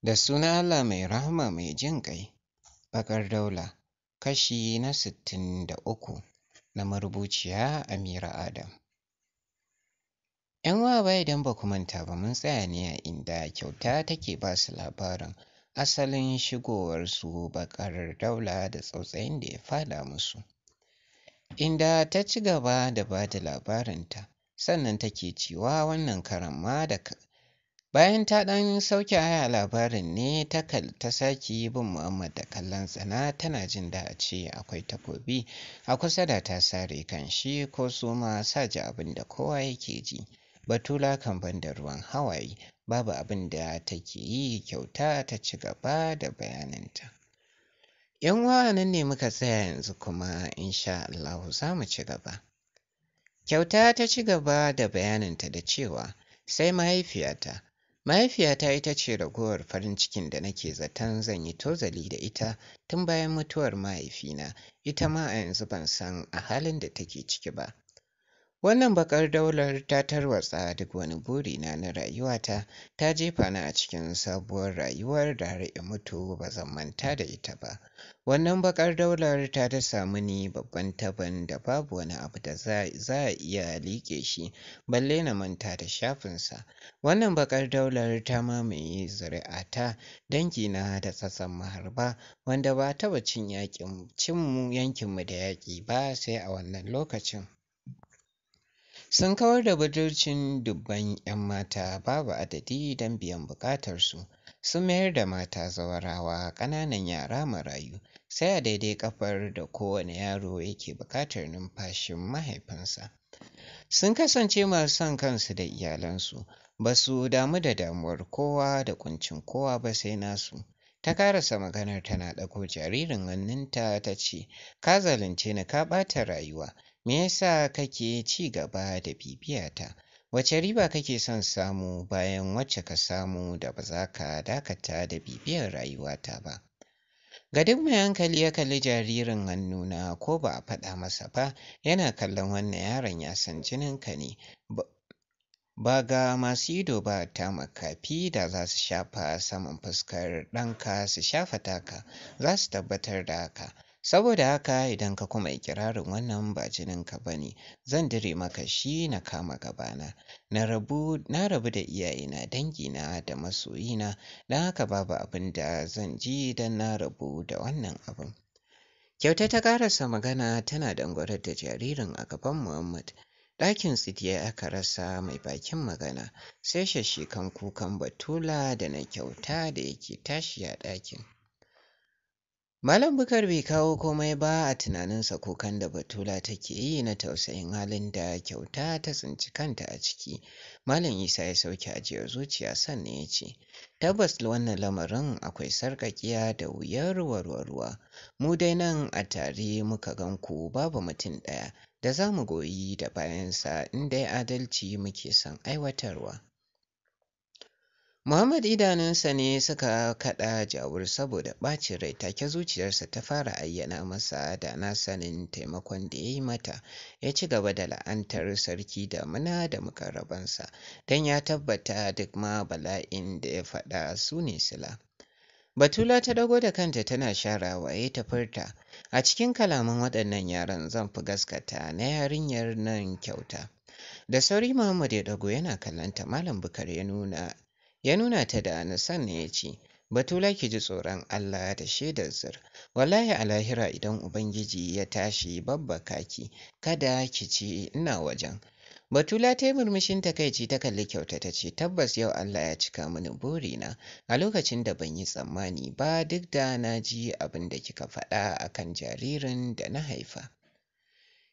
Da suna Allah mai rahama mai jin ƙai. Baƙar Daula kashi na sittin da uku na marubuciya Amira Adam. ‘Yan waba idan ba ku manta ba mun tsaya ne a inda kyauta take ba su labarin asalin shigowar su baƙar daula da tsautsayin da ya fada musu. Inda ta ci gaba da ba da labarinta sannan take cewa wannan karan ma da Bayan ta ɗan sauke haya labarin ne ta sake bin Muhammad da kallon tsana tana jin da a ce akwai takobi a kusa da ta sare kan shi ko suma sa ji abin da kowa yake ji. Batula kan ban da ruwan hawaye babu abin da take yi kyauta ta ci gaba da bayaninta. ‘Yan uwa nan ne muka tsaya yanzu kuma insha Allah za mu ci gaba. Kyauta ta ci gaba da bayaninta da cewa sai mahaifiyata Mahaifiyata ita ce ragowar farin cikin da nake zaton zan yi tozali da ita tun bayan mutuwar mahaifina, ita ma a yanzu ban san a halin da take ciki ba. Wannan baƙar daular ta tarwatsa duk wani buri na na rayuwata, ta jefa ni a cikin sabuwar rayuwar da har in mutu ba zan manta da ita ba. Wannan baƙar daular ta dasa mini babban tabon da babu wani abu da za a iya liƙe shi balle na manta da shafin sa Wannan baƙar daular ta mamaye zuri'ata, dangi na da sassan maharba wanda ba a taɓa cin yankinmu da yaƙi ba sai a wannan lokacin. sun kawar da budurcin dubban 'yan mata babu adadi don biyan bukatarsu sun mayar da mata zawarawa ƙananan yara marayu sai a daidai kafar da kowane yaro yake bukatar numfashin mahaifinsa sun kasance masu son kansu da iyalansu ba su damu da damuwar kowa da kuncin kowa ba sai nasu ta karasa maganar tana ɗago jaririn hannunta ta ce ka zalunce ni ka ɓata rayuwa Me yasa kake ci gaba da bibiyata? Wace riba kake son samu bayan wacce ka samu da ba za ka dakata da bibiyar rayuwata ba? Ga duk mai hankali ya kalli jaririn hannuna ko ba a faɗa masa ba yana kallon wannan yaron ya san jininka ne. Ba ga masu ido ba ta makafi da za su shafa saman fuskar ɗanka su shafa taka za su tabbatar da haka. Saboda haka idan ka kuma ikirarin wannan ba jininka ba ne, zan dire maka shi na kama gabana. Na rabu, da iyayena, dangina da masoyina, don haka babu abin da zan ji don na rabu da wannan abin. Kyauta ta karasa magana tana dangware da jaririn a gaban Muhammad. ɗakin tsidiya aka rasa mai bakin magana sai kan kukan batula da na kyauta da yake tashi a ɗakin. Malam Bukar bai kawo komai ba a tunaninsa kukan da Batula take yi na tausayin halin da kyauta ta tsinci kanta a ciki. Malam Isa ya sauke ajiyar zuciya sannan ya ce, Tabbas wannan lamarin akwai sarƙaƙiya da wuyar warwarwa. Mu dai nan a tare muka gan ku babu mutum ɗaya da za mu goyi da bayansa in dai adalci muke son aiwatarwa. Muhammad idanunsa ne suka kaɗa jawur saboda ɓacin rai take zuciyarsa ta fara ayyana masa da na sanin taimakon da ya yi mata ya ci gaba da la'antar sarki da muna da mukarrabansa don ya tabbata duk ma bala'in da ya faɗa su ne sila. Batula ta dago da kanta tana shara waye ta furta a cikin kalaman waɗannan yaran zan fi gaskata na yarinyar nan kyauta. Da sauri Muhammad ya dago yana kallanta Malam Bukar ya nuna ya nuna ta da anasan ne ya ce batula ki ji tsoron allah da shaidar zur wallahi a lahira idan ubangiji ya tashi babba kaki kada ki ce ina wajen Batula ta yi murmushin takaici ta kalli kyauta ta ce tabbas yau Allah ya cika mini burina a lokacin da ban yi tsammani ba duk da na ji abin da kika faɗa akan jaririn da na haifa.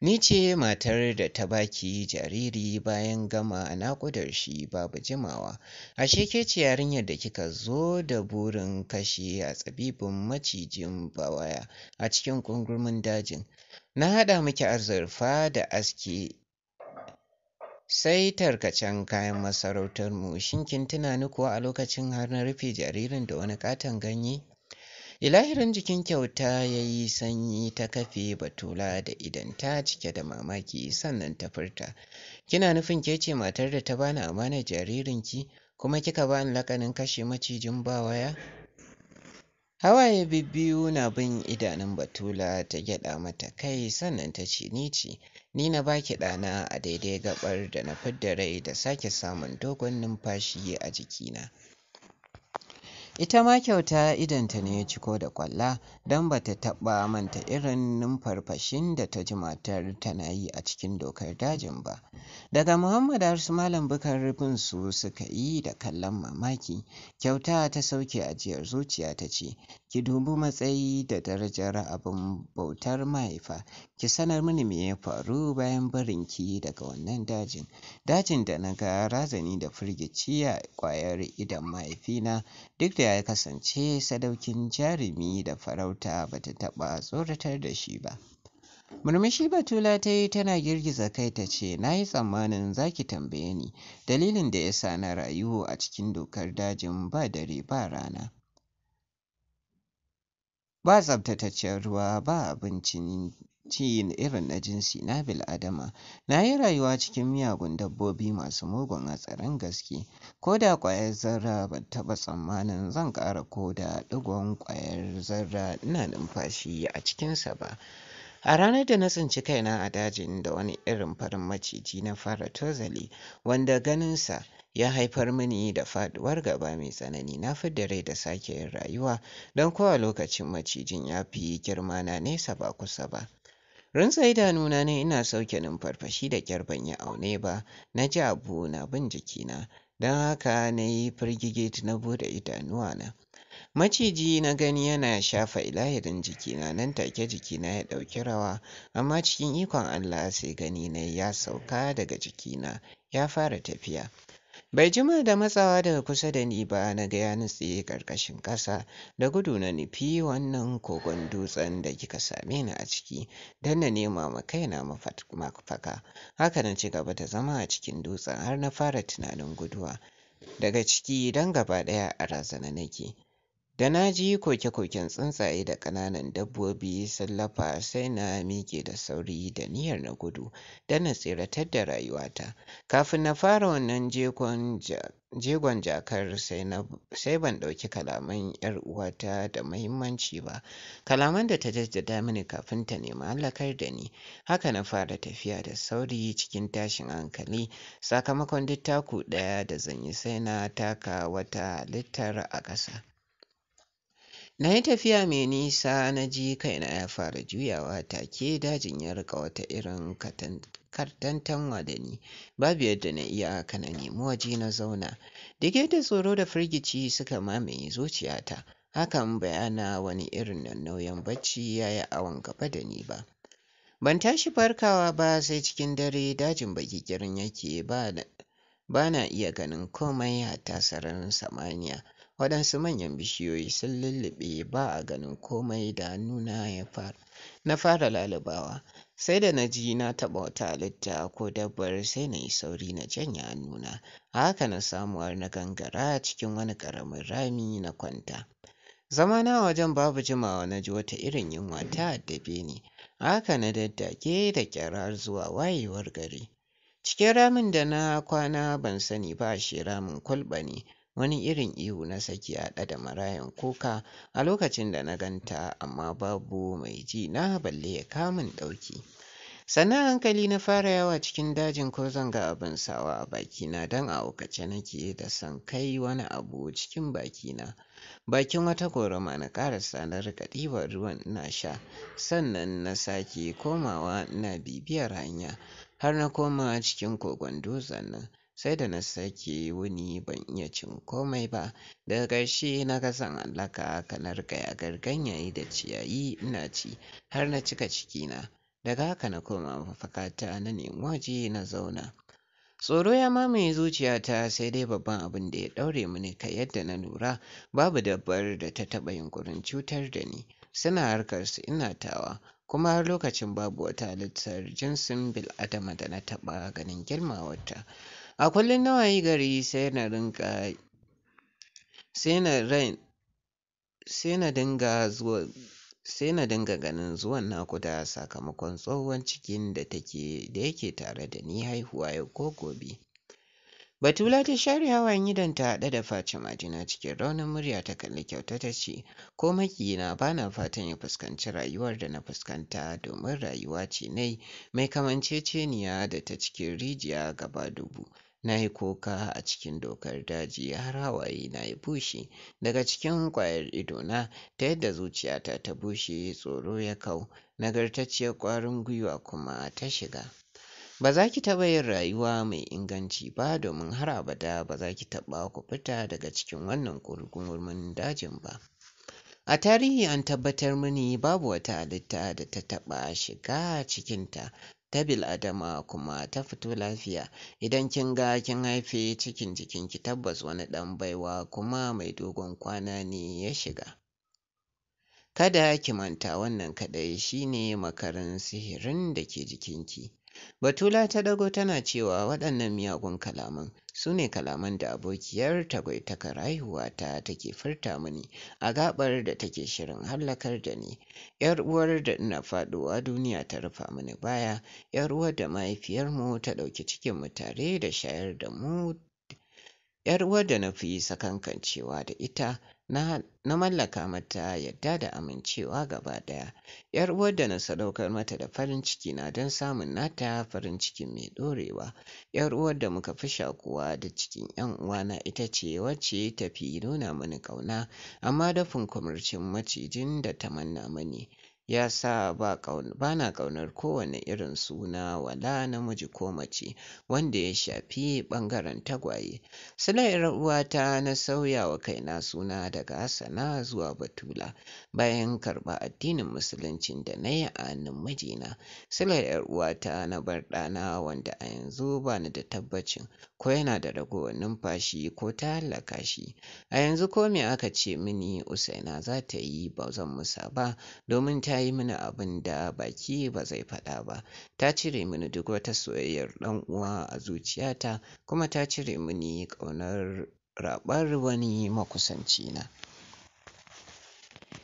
Ni ce matar da ta baki jariri bayan gama naƙudar shi babu jimawa, ashe ke ce yarinyar da kika zo da burin kashe a tsibibin macijin bawaya a cikin kungurmin dajin. Na haɗa miki azurfa da aski sai tarkacen kayan masarautarmu shin kin tunani kuwa a lokacin har na rufe jaririn da wani katon ganye? Ilahirin jikin kyauta ya yi sanyi ta kafe batula da idan ta cike da mamaki sannan ta furta. Kina nufin ke ce matar da ta bani amanar jaririnki kuma kika bani lakanin kashe macijin ba waya? Hawaye bibbiyu na bin idanun Batula ta gyaɗa mata kai sannan ta ce ni ce, ni na baki ɗana a daidai gabar da na fidda rai da sake samun dogon numfashi a jikina. Ita ma kyauta idonta ne ya ciko da kwalla don ba ta taɓa manta irin numfarfashin da ta ji matar tana yi a cikin dokar dajin ba. Daga Muhammad harsu Malam Bukar rufin su suka yi da kallon mamaki, kyauta ta sauke ajiyar zuciya ta ce, Ki dubi matsayi da darajar abin bautar mahaifa, ki sanar mini me ya faru bayan barin ki daga wannan dajin. Dajin da na ga razani da firgici a ƙwayar idon mahaifina duk da ya kasance sadaukin jarumi da farauta ba ta taɓa tsoratar da shi ba murmushi batula ta yi tana girgiza kai ta ce na yi tsammanin za ki tambaye ni dalilin da ya sa na rayu a cikin dokar dajin ba dare ba rana ba tsabtataccen ruwa ba abincin Cin irin na jinsi na bil'adama na yi rayuwa cikin miyagun dabbobi masu mugun hatsarin gaske ko da ƙwayar zarra ban taɓa tsammanin zan ƙara ko da ɗigon kwayar zarra ina numfashi a cikinsa ba a ranar da na tsinci kaina a dajin da wani irin farin maciji na fara tozali wanda ganinsa ya haifar mini da faduwar gaba mai tsanani na fidda rai da sake yin rayuwa don kowa lokacin macijin ya fi girma na nesa ba kusa ba Rintsa idanuna ne ina sauke numfarfashi da kyar ban yi aune ba, na ji abu na bin jikina, don haka na yi firgigit na idanuwa na. Maciji na gani yana shafa ilahirin jikina nan take jikina ya ɗauki rawa, amma cikin ikon Allah sai gani na ya sauka daga jikina ya fara tafiya. Bai jima da matsawa daga kusa da ni ba na ga ya tsaye ƙarƙashin ƙasa da gudu na nufi wannan kogon dutsen da kika same ni a ciki don na nema ma kaina mafaka. Haka na ci gaba da zama a cikin dutsen har na fara tunanin guduwa daga ciki don gaba ɗaya a razana nake. Da na ji koke-koken tsuntsaye da ƙananan dabbobi sun sai na miƙe da sauri da niyyar na gudu da na tsiratar da rayuwata. Kafin na fara wannan jegon jakar sai ban ɗauki kalaman 'yar uwata da mahimmanci ba. Kalaman da ta jaddada mini kafin ta nemi halakar da ni. Haka na fara tafiya da sauri cikin tashin hankali sakamakon duk taku ɗaya da zan yi sai na taka wata littar a ƙasa. Na yi tafiya mai nisa na ji kaina ya fara juyawa take dajin ya rika wata irin kartantan da ni, babu yadda na iya haka na nemi waje na zauna. dike da tsoro da firgici suka mamaye zuciyata, hakan bayana wani irin nauyin bacci ya yi awon gaba da ni ba. Ban tashi farkawa ba sai cikin dare dajin baki girin yake ba na iya ganin komai hatta sararin samaniya. Waɗansu manyan bishiyoyi sun lulluɓe ba a ganin komai da hannuna na fara lalubawa, sai da na ji na taɓa wata halitta ko dabbar sai na yi sauri na janye hannuna. A haka na samuwar na gangara cikin wani ƙaramin rami na kwanta. Zama na wajen babu jimawa na ji wata irin yunwa ta addabe ne, haka na daddage da ƙyarar zuwa wayewar gari. Cikin ramin da na kwana ban sani ba shi ramin kulɓa ne, wani irin ihu na saki a ɗada marayan kuka a lokacin da na ganta amma babu mai ji na balle ya kamun ɗauki. sannan hankali na fara yawa cikin dajin ko zanga abin sawa a bakina don a aukace nake da san kai wani abu cikin bakina bakin wata gorama na karasa na rika ruwan ina sha sannan na sake komawa na bibiyar hanya har na koma cikin kogon dozan nan sai da na sake wuni ban iya cin komai ba daga ƙarshe na ga san allaka kanar gaya riƙa da ciyayi ina ci har na cika cikina daga haka na koma mafakata na nemi waje na zauna Tsoro ya mamaye zuciyata sai dai babban abin da ya ɗaure mini kai yadda na lura babu dabbar da ta taɓa yunkurin cutar da ni. Suna harkar su ina tawa kuma har lokacin babu wata halittar jinsin bil'adama da na taɓa ganin girmawarta. a kullum nawa yi gari sai na rinka sai na rain sai na dinga zuwa sai na dinga ganin zuwan naƙuda sakamakon tsohon cikin da take da yake tare da ni haihuwa yau ko gobe Batula ta share hawan gidan ta haɗe da face majina cikin raunin murya ta kalli kyauta ta ce, ko makiyina ba na fatan ya fuskanci rayuwar da na fuskanta domin rayuwa ce nai mai kamanceceniya da ta cikin rijiya gaba dubu. Na yi kuka a cikin dokar daji har hawaye na yi bushe daga cikin ƙwayar idona ta yadda zuciyata ta bushe tsoro ya kau nagartacciyar kwarin gwiwa kuma ta shiga. Ba za ki taɓa yin rayuwa mai inganci ba domin har abada ba za ki taɓa ku fita daga cikin wannan ƙurƙurmin dajin ba. A tarihi an tabbatar mini babu wata halitta da ta taɓa shiga cikinta ta bil adama kuma ta fito lafiya idan kin ga kin haife cikin jikin ki tabbas wani ɗan baiwa kuma mai dogon kwana ne ya shiga kada ki manta wannan kaɗai shine makarin sihirin da ke jikinki Batula ta ɗago tana cewa waɗannan miyagun kalaman su ne kalaman da abokiyar tagwaitakar ta take furta mini a gaɓar da take shirin hallakar da ni yar uwar da ina faɗuwa duniya ta rufa mini baya yar uwar da mahaifiyarmu ta ɗauki cikinmu tare da shayar da mu yar uwar da na fi sakankancewa da ita na mallaka mata yadda da amincewa gaba ɗaya. ‘Yar uwar da na sadaukar mata da farin ciki na don samun nata farin ciki mai ɗorewa. ‘Yar uwar da muka fi shakuwa da cikin ‘yan uwana ita ce wacce tafi nuna mani ƙauna, amma dafin kumarcin macijin da ta manna mani. ya sa ba na ƙaunar kowane irin suna wala namiji ko mace wanda ya shafi bangaren tagwaye. Sula ‘yar uwata na sauya wa kaina suna daga Hassana zuwa Batula bayan karɓa addinin musuluncin da na yi a hannun majina. Sula ‘yar uwata na bar ɗana wanda a yanzu ba ni da tabbacin ko yana da ragowar numfashi ko ta halaka shi. A yanzu ko me aka ce mini Usaina za ta yi ba zan musa ba domin ta yi mini abin da baki ba zai faɗa ba ta cire mini duk wata soyayyar ɗan uwa a zuciyata kuma ta cire mini ƙaunar raɓar wani makusanci na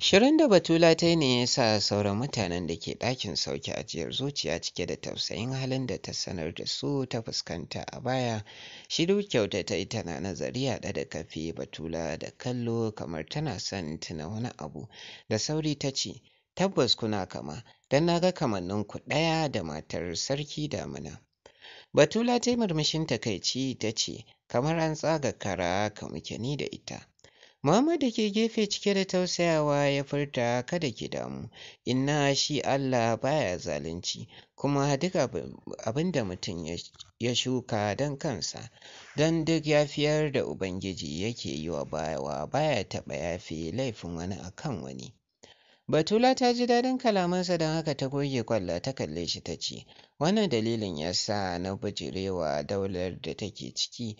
Shirin da Batula ta yi ne ya sa sauran mutanen da ke ɗakin sauke ajiyar zuciya cike da tausayin halin da ta sanar da su ta fuskanta a baya. Shi kyauta ta yi tana nazari a da kafi Batula da kallo kamar tana son tuna wani abu da sauri ta ce, tabbas kuna kama, don na ga ku ɗaya da matar sarki damina. Batula ta murmushin takaici ta ce, kamar an tsaga kara ka muke ni da ita. da ke gefe cike da tausayawa ya furta kada ki damu, inna shi Allah baya zalunci, kuma duk abin da mutum ya shuka don kansa, don duk yafiyar da Ubangiji yake yi wa bayawa baya taɓa yafe laifin wani akan wani. Batula ta ji daɗin kalamansa don haka ta goge kwallo ta kalle shi ta ce, Wannan dalilin ya sa na bujirewa daular da take ciki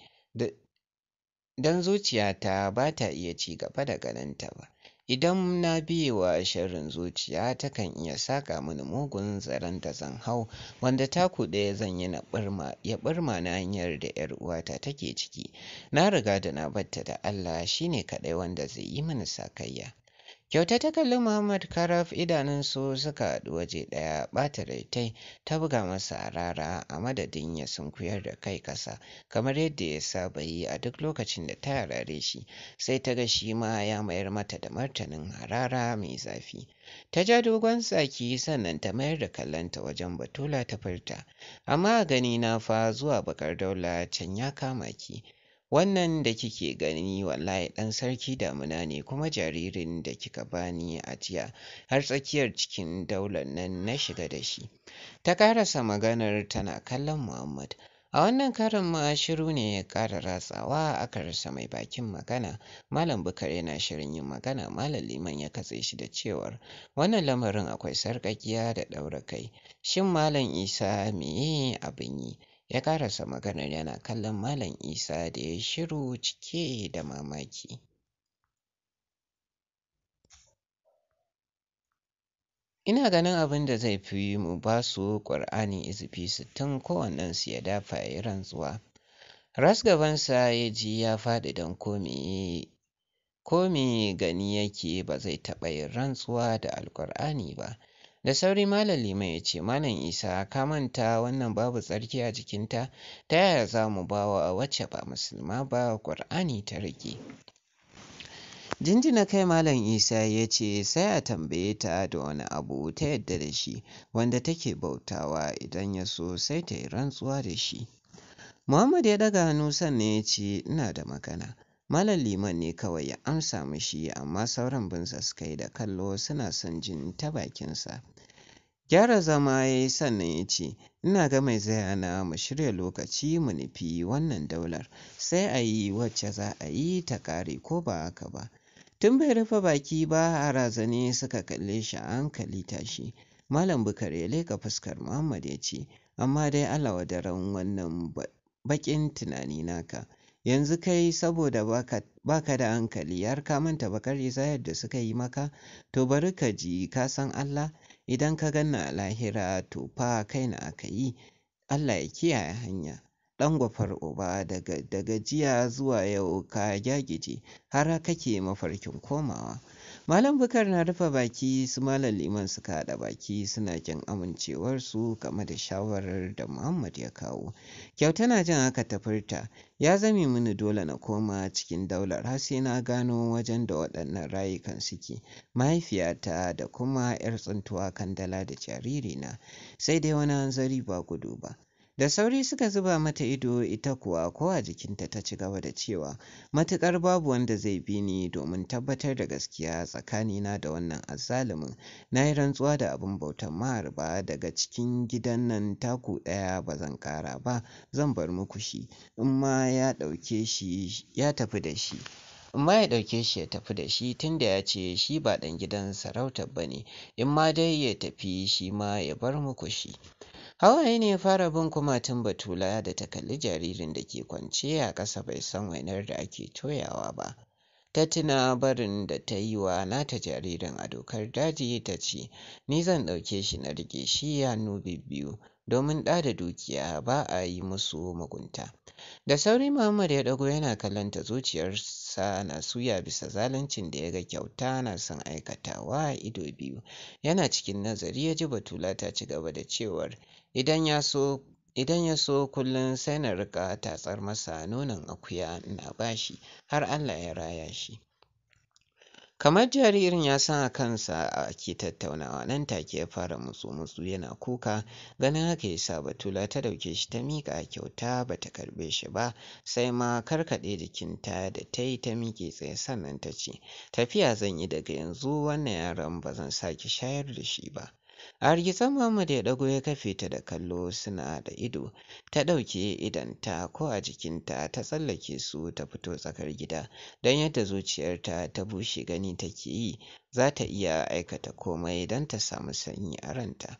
don zuciyata ba ta iya ci gaba da ganinta ba. Idan na wa shirin zuciya takan iya saka mini mugun zaren da zan hau wanda taku ɗaya zan yi na ɓirma na hanyar da ‘yar uwata take ciki. Na riga da na batta da Allah shine kaɗai wanda zai yi mini sakayya. Kyauta ta kalli Muhammad Karaf idanunsu suka haɗu waje ɗaya ɓata raitai ta buga masa a rara a madadin ya sunkuyar da kai kasa kamar yadda ya saba yi a duk lokacin da ta yarare shi sai ta ga shi ma ya mayar mata da martanin harara mai zafi. Ta ja dogon saki sannan ta mayar da kallonta wajen batula ta furta, amma gani na fa zuwa bakar daula can ya kama ki. Wannan da kike gani wallahi ɗan sarki damuna ne kuma jaririn da kika bani a jiya har tsakiyar cikin daular nan na shiga da shi. Ta karasa maganar tana kallon Muhammad. A wannan karin ma shiru ne ya ƙara ratsawa aka rasa mai bakin magana. Malam Bukar yana shirin yin magana Malam Liman ya katse shi da cewar wannan lamarin akwai sarƙaƙiya da ɗaura kai. Shin Malam Isa meye abin yi? ya ƙarasa maganar yana kallon Malam Isa da ya shiru cike da mamaki. Ina ganin abin da zai fi mu ba su ƙur'ani izifi sittin kowannensu ya dafa ya yi rantsuwa. Ras gabansa ya ji ya faɗi don komi gani yake ba zai taɓa yin rantsuwa da alƙur'ani ba. da sauri malam liman ya ce malam isa ka manta wannan babu tsarki a jikinta ta yaya za mu ba wa wacce ba musulma ba ƙur'ani ta rike jinjina kai malam isa ya ce sai a tambaye ta da wani abu ta yadda da shi wanda take bautawa idan ya so sai ta yi rantsuwa da shi muhammad ya daga hannu sannan ya ce ina da magana Malam Liman ne kawai ya amsa mishi amma sauran binsa suka yi da kallo suna son jin ta bakinsa. Gyara zama ya yi sannan ya ce, Ina ga mai zayana mu shirya lokaci mu nufi wannan daular, sai a yi wacce za a yi ta kare ko ba haka ba. Tun bai rufe baki ba a razane suka kalle shi a hankali tashi. Malam Bukar ya leka fuskar Muhammad ya ce, Amma dai Allah wadaran wannan baƙin tunani naka. yanzu kai saboda baka ka da hankali har ka manta bakar izayar da suka yi maka to bari ka ji ka san Allah idan ka ganna a lahira to fa kai na aka yi Allah ya kiyaye hanya ɗan gwafar uba daga jiya zuwa yau ka gyagije har kake mafarkin komawa Malam Bukar na rufe baki su Malam Liman suka haɗa baki suna jin amincewarsu game da shawarar da Muhammad ya kawo. Kyau tana jin haka ta ya zame mini dole na koma cikin daular har sai na gano wajen da waɗannan rayukan suke, mahaifiyata da kuma 'yar tsintuwa kandala, da jaririna, sai dai wani hanzari ba gudu ba. Da sauri suka zuba mata ido ita kuwa kowa jikinta ta ci gaba da cewa matuƙar babu wanda zai bi ni domin tabbatar da gaskiya tsakanina da wannan azzalumin na yi rantsuwa da abin bautan maharba daga cikin gidan nan taku ɗaya ba zan ƙara ba zan bar muku shi in ma ya ɗauke shi ya tafi da shi. In ma ya ɗauke shi ya tafi da shi tunda ya ce shi ba ɗan gidan sarauta ba ne in ma dai ya tafi shi ma ya bar muku shi Hawaye ne ya fara bin kumatun Batula da ta kalli jaririn da ke kwance a ƙasa bai san wainar da ake toyawa ba. Ta tuna barin da ta yi wa nata jaririn a dokar daji ta ce, Ni zan ɗauke shi na riƙe shi ya hannu biyu, domin ɗa da dukiya ba a yi musu mugunta. Da sauri Muhammad ya ɗago yana kallon ta zuciyar sa na suya bisa zaluncin da ya ga kyauta na son aikatawa a ido biyu yana cikin nazari ya ji batula ta ci gaba da cewar idan ya so idan ya so kullum sai na rika tatsar masa nonon akuya na bashi har allah ya raya shi Kamar jaririn ya san a kansa ake tattaunawa nan take ya fara mutsu-mutsu yana kuka ganin haka ya sa Batula ta ɗauke shi ta miƙa kyauta ba ta karɓe shi ba sai ma karkaɗe jikinta da ta yi ta miƙe tsaye sannan ta ce tafiya zan yi daga yanzu wannan yaron ba zan sake shayar da shi ba. A hargitse Muhammad ya ɗago ya kafe ta da kallo suna da ido, ta ɗauke idanta ko a jikinta ta tsallake su ta fito tsakar gida, don yadda zuciyarta ta bushe gani take yi za ta iya aikata komai don ta samu sanyi a ranta.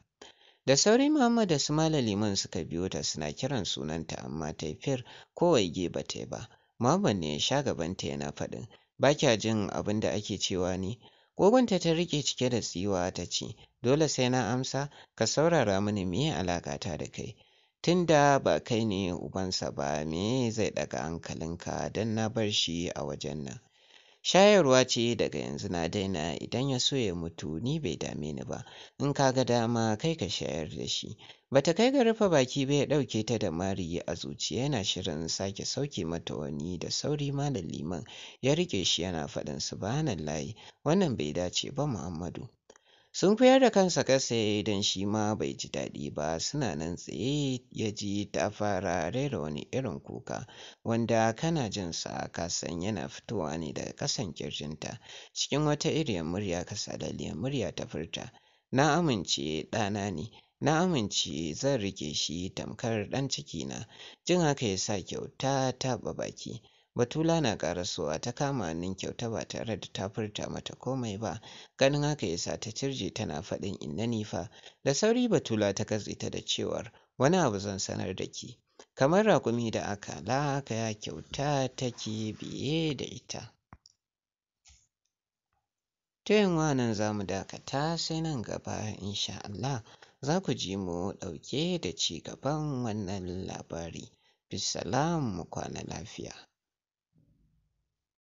Da sauri Muhammad da su Liman suka biyo ta suna kiran sunanta amma ta fir ko waige ba ta yi ba. Muhammad ne ya sha gabanta yana faɗin, ba kya jin abin da ake cewa ne? Gogunta ta rike cike da tsiwa ta ce, dole sai na amsa, ka saurara mini meye alaƙata da kai. tunda ba kai ne ubansa ba me zai ɗaga hankalinka don na bar shi a wajen nan. Shayarwa ce daga yanzu na daina idan ya so ya mutu ni bai dame ni ba, in ka ga dama kai ka shayar da shi. Bata kai ga rufe baki bai ya ɗauke ta da mari a zuciya yana shirin sake sauke mata wani da sauri Malam Liman ya rike shi yana faɗin layi. wannan bai dace ba Muhammadu. Sun koyar da kansa kasa don shi ma bai ji daɗi ba suna nan tsaye ya ji ta fara rera wani irin kuka wanda kana jin sa kasan yana fitowa ne daga kasan kirjinta cikin wata iriyar murya kasa da murya ta furta na amince ɗana ne na amince zan rike shi tamkar ɗan cikina jin haka ya sa kyauta taɓa baki Batula na ƙarasuwa ta kama hannun Kyauta ba tare da ta furta mata komai ba, ganin haka ya sa ta cirje tana faɗin inna nifa Da sauri Batula ta katse ta da cewar wani abu zan sanar da ki. Kamar rakumi da aka haka ya Kyauta take biye da ita. Ta wa nan za mu dakata sai nan gaba insha Allah za ku ji mu ɗauke da ci gaban wannan labari. Bisalam mu kwana lafiya.